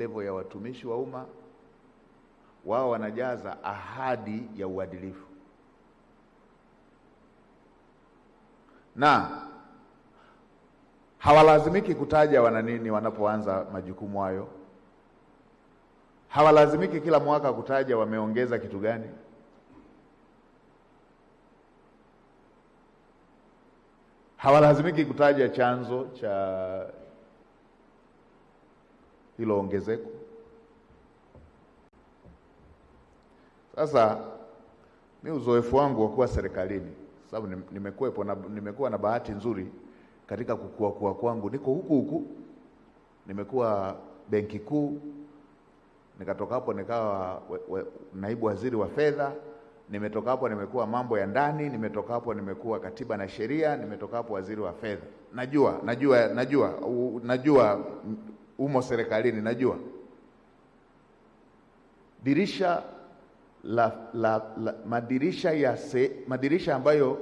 levo ya watumishi wa umma, wao wanajaza ahadi ya uadilifu na hawalazimiki kutaja wana nini wanapoanza majukumu hayo. Hawalazimiki kila mwaka kutaja wameongeza kitu gani. Hawalazimiki kutaja chanzo cha hilo ongezeko. Sasa mi uzoefu wangu wa kuwa serikalini, sababu nimekuwepo na nimekuwa na bahati nzuri katika kukua kuwa kwangu, niko huku huku, nimekuwa benki kuu, nikatoka hapo nikawa we, we, naibu waziri wa fedha, nimetoka hapo nimekuwa mambo ya ndani, nimetoka hapo nimekuwa katiba na sheria, nimetoka hapo waziri wa fedha. Najua, najua, najua, u, najua umo serikalini, najua dirisha la, la, la, madirisha ya se, madirisha ambayo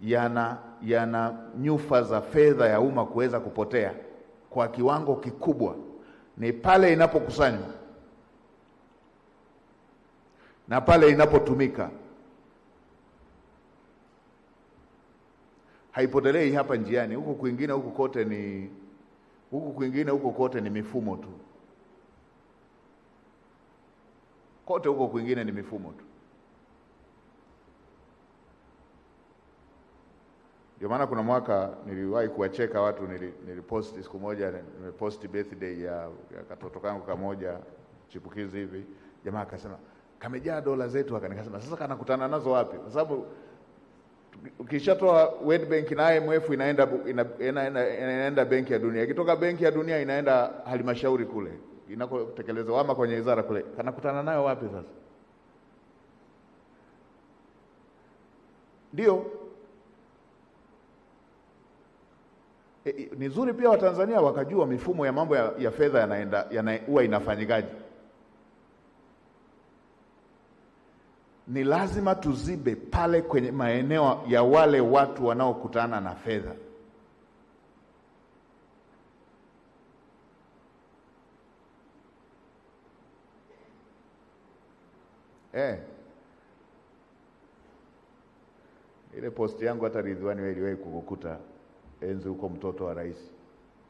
yana yana nyufa za fedha ya umma kuweza kupotea kwa kiwango kikubwa ni pale inapokusanywa na pale inapotumika, haipotelei hapa njiani. Huku kwingine, huku kote ni Huku kwingine huko kote ni mifumo tu, kote huko kwingine ni mifumo tu. Ndio maana kuna mwaka niliwahi kuwacheka watu, niliposti siku moja, nimeposti birthday ya, ya katoto kangu kamoja chipukizi hivi, jamaa akasema kamejaa dola zetu akanikasema Nikasema sasa kanakutana nazo wapi? Kwa sababu Ukishatoa World Bank na IMF inaenda, ina, inaenda benki ya dunia, ikitoka benki ya dunia inaenda halmashauri kule inakotekelezwa ama kwenye wizara kule, kanakutana nayo wapi sasa? Ndio e, ni nzuri pia Watanzania wakajua mifumo ya mambo ya, ya fedha yanaenda huwa ya inafanyikaje ni lazima tuzibe pale kwenye maeneo ya wale watu wanaokutana na fedha. Eh, ile posti yangu hata Ridhiwani wewe iliwahi kukukuta enzi huko, mtoto wa rais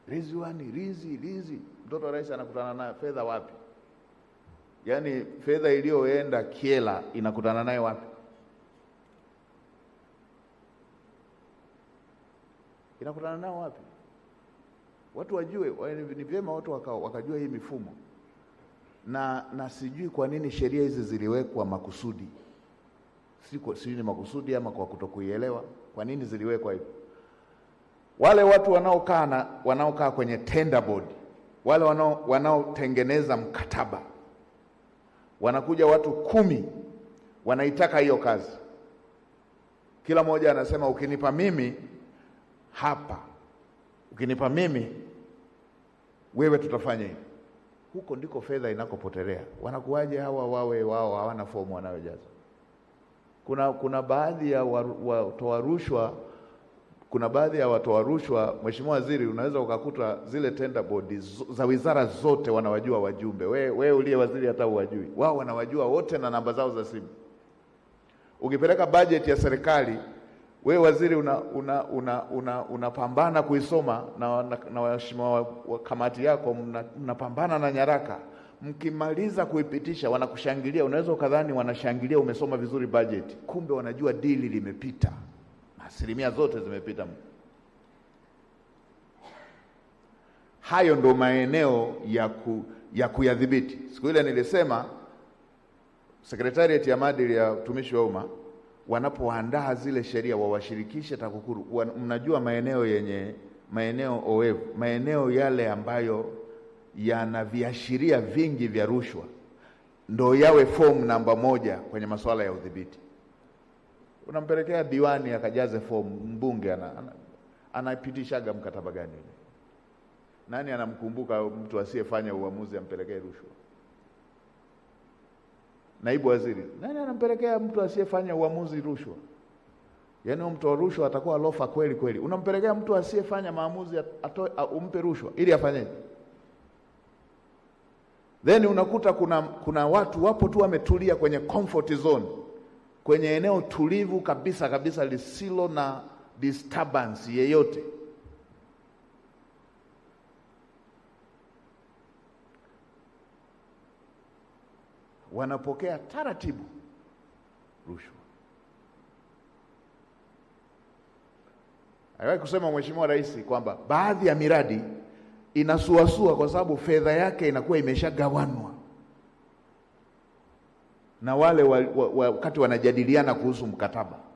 Ridhiwani, Rizi, Rizi, mtoto wa rais anakutana na fedha wapi? yaani fedha iliyoenda Kyela inakutana naye wapi? Inakutana nayo wapi? Watu wajue, ni vyema watu wakajua hii mifumo na, na sijui kwa nini sheria hizi ziliwekwa makusudi, sijui ni makusudi ama kwa kutokuielewa. Kwa nini ziliwekwa hivyo? Wale watu wanaokaa wanaokaa kwenye tender board, wale wanaotengeneza mkataba wanakuja watu kumi wanaitaka hiyo kazi, kila mmoja anasema ukinipa mimi hapa, ukinipa mimi wewe, tutafanya hivi. Huko ndiko fedha inakopotelea. Wanakuwaje hawa wawe wao hawana fomu wanayojaza? Kuna, kuna baadhi ya watoa rushwa kuna baadhi ya watoa rushwa, mheshimiwa waziri, unaweza ukakuta zile tender board za wizara zote wanawajua wajumbe. Wewe we uliye waziri hata uwajui, wao wanawajua wote na namba zao za simu. Ukipeleka bajeti ya serikali, wewe waziri unapambana una, una, una, una kuisoma na, na, na waheshimiwa wa kamati yako mnapambana na nyaraka, mkimaliza kuipitisha wanakushangilia. Unaweza ukadhani wanashangilia umesoma vizuri bajeti, kumbe wanajua dili limepita asilimia zote zimepita. Hayo ndo maeneo ya, ku, ya kuyadhibiti. Siku ile nilisema sekretariati ya maadili ya utumishi wa umma wanapoandaa zile sheria wawashirikishe TAKUKURU. mnajua maeneo yenye maeneo oevu, maeneo yale ambayo yana viashiria vingi vya rushwa ndo yawe fomu namba moja kwenye masuala ya udhibiti unampelekea diwani akajaze fomu, mbunge anapitishaga ana, anapitishaga mkataba gani Nani anamkumbuka mtu asiyefanya uamuzi ampelekee rushwa? Naibu waziri, nani anampelekea mtu asiyefanya uamuzi rushwa? Yaani wa rushwa atakuwa lofa kweli kweli, unampelekea mtu asiyefanya maamuzi atoe, umpe rushwa ili afanyeje? Then unakuta kuna, kuna watu wapo tu wametulia kwenye comfort zone kwenye eneo tulivu kabisa kabisa lisilo na disturbance yeyote. Wanapokea taratibu rushwa. Aliwahi kusema Mheshimiwa Rais kwamba baadhi ya miradi inasuasua kwa sababu fedha yake inakuwa imeshagawanwa na wale wakati wa, wa, wa, wanajadiliana kuhusu mkataba